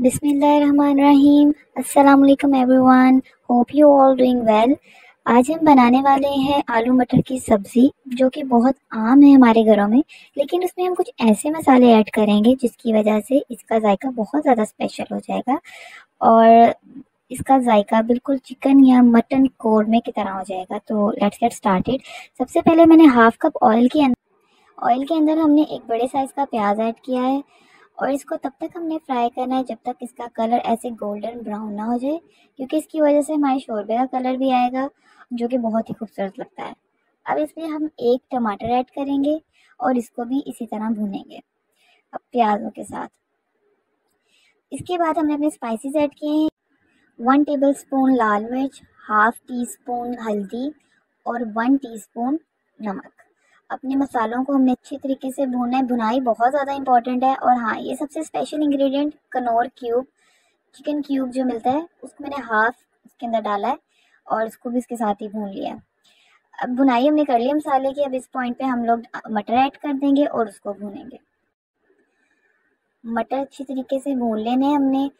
बिसमीम अल्लाम everyone hope you all doing well आज हम बनाने वाले हैं आलू मटर की सब्ज़ी जो कि बहुत आम है हमारे घरों में लेकिन उसमें हम कुछ ऐसे मसाले ऐड करेंगे जिसकी वजह से इसका जायका बहुत ज़्यादा स्पेशल हो जाएगा और इसका जायका बिल्कुल चिकन या मटन कौरमे की तरह हो जाएगा तो लेट्स गेट स्टार्टेड सबसे पहले मैंने हाफ़ कप ऑयल के अंदर ऑयल के अंदर हमने एक बड़े साइज़ का प्याज ऐड किया है और इसको तब तक हमने फ्राई करना है जब तक इसका कलर ऐसे गोल्डन ब्राउन ना हो जाए क्योंकि इसकी वजह से हमारे शोरबे का कलर भी आएगा जो कि बहुत ही खूबसूरत लगता है अब इसमें हम एक टमाटर ऐड करेंगे और इसको भी इसी तरह भूनेंगे अब प्याजों के साथ इसके बाद हमने अपने स्पाइसेस ऐड किए हैं वन टेबल स्पून लाल मिर्च हाफ टी स्पून हल्दी और वन टीस्पून नमक अपने मसालों को हमने अच्छी तरीके से भूनना है भुनाई बहुत ज़्यादा इंपॉर्टेंट है और हाँ ये सबसे special ingredient Knorr cube chicken cube जो मिलता है उसको मैंने हाफ इसके अंदर डाला है और इसको भी इसके साथ ही भून लिया अब भुनाई हमने कर ली मसाले की अब इस पॉइंट पर हम लोग मटर ऐड कर देंगे और उसको भूनेंगे मटर अच्छी तरीके से भून लेने हमने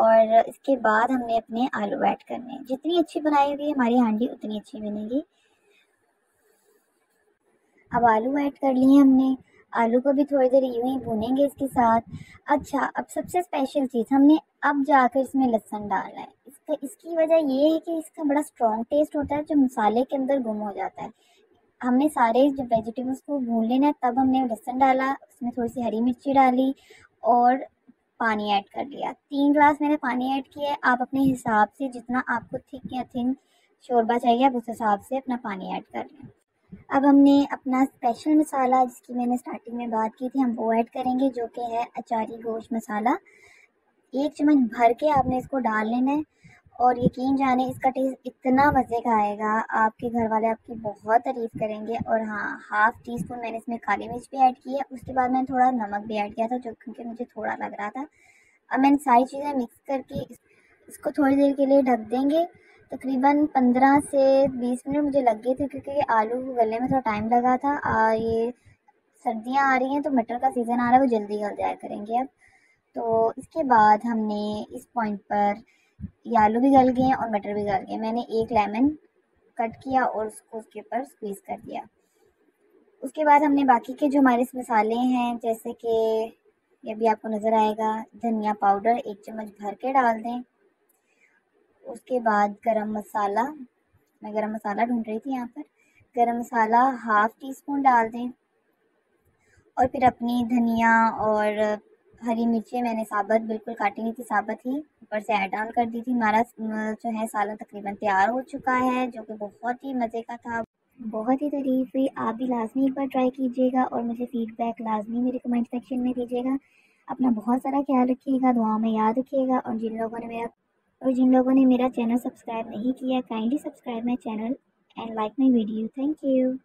और इसके बाद हमने अपने आलू ऐड करने जितनी अच्छी बनाई होगी हमारी हांडी उतनी अच्छी बनेगी अब आलू ऐड कर लिए हमने आलू को भी थोड़ी देर यूं ही भूनेंगे इसके साथ अच्छा अब सबसे स्पेशल चीज़ हमने अब जाकर इसमें लहसन डाला है इसका इसकी वजह ये है कि इसका बड़ा स्ट्रॉन्ग टेस्ट होता है जो मसाले के अंदर गुम हो जाता है हमने सारे जो वेजिटेबल्स को भून लेना है तब हमने लहसन डाला उसमें थोड़ी सी हरी मिर्ची डाली और पानी ऐड कर लिया तीन ग्लास मैंने पानी ऐड किया है आप अपने हिसाब से जितना आपको थिक या थिन शोरबा चाहिए आप उस हिसाब से अपना पानी ऐड कर लें अब हमने अपना स्पेशल मसाला जिसकी मैंने स्टार्टिंग में बात की थी हम वो ऐड करेंगे जो कि है अचारी गोश्त मसाला एक चम्मच भर के आपने इसको डाल लेना है और यकीन जाने इसका टेस्ट इतना मज़े का आएगा आपके घर वाले आपकी बहुत तारीफ़ करेंगे और हाँ हाफ़ टी स्पून मैंने इसमें काली मिर्च भी ऐड की है उसके बाद मैंने थोड़ा नमक भी ऐड किया था जो क्योंकि मुझे थोड़ा लग रहा था अब मैंने सारी चीज़ें मिक्स करके इसको थोड़ी देर के लिए ढक देंगे तकरीबन पंद्रह से बीस मिनट मुझे लग गए थे क्योंकि आलू को गलने में थोड़ा टाइम लगा था और ये सर्दियाँ आ रही हैं तो मटर का सीज़न आ रहा है वो जल्दी गल जाया करेंगे अब तो इसके बाद हमने इस पॉइंट पर ये आलू भी गल गए और मटर भी गल गए मैंने एक लेमन कट किया और उसको उसके ऊपर स्क्वीज़ कर दिया उसके बाद हमने बाकी के जो हमारे मसाले हैं जैसे कि ये भी आपको नज़र आएगा धनिया पाउडर एक चम्मच भर के डाल दें उसके बाद गरम मसाला मैं गरम मसाला ढूंढ रही थी यहाँ पर garam masala half teaspoon डाल दें और फिर अपनी धनिया और हरी मिर्ची मैंने साबत बिल्कुल काटी नहीं थी साबत ही ऊपर से ऐड ऑन कर दी थी हमारा जो है सालन तकरीबन तैयार हो चुका है जो कि बहुत ही मज़े का था बहुत ही तारीफ हुई आप भी लाजमी एक बार ट्राई कीजिएगा और मुझे फ़ीडबैक लाजमी मेरे कमेंट सेक्शन में दीजिएगा अपना बहुत सारा ख्याल रखिएगा दुआ में याद रखिएगा और जिन लोगों ने मेरा और जिन लोगों ने मेरा चैनल सब्सक्राइब नहीं किया kindly subscribe my channel and like my video thank you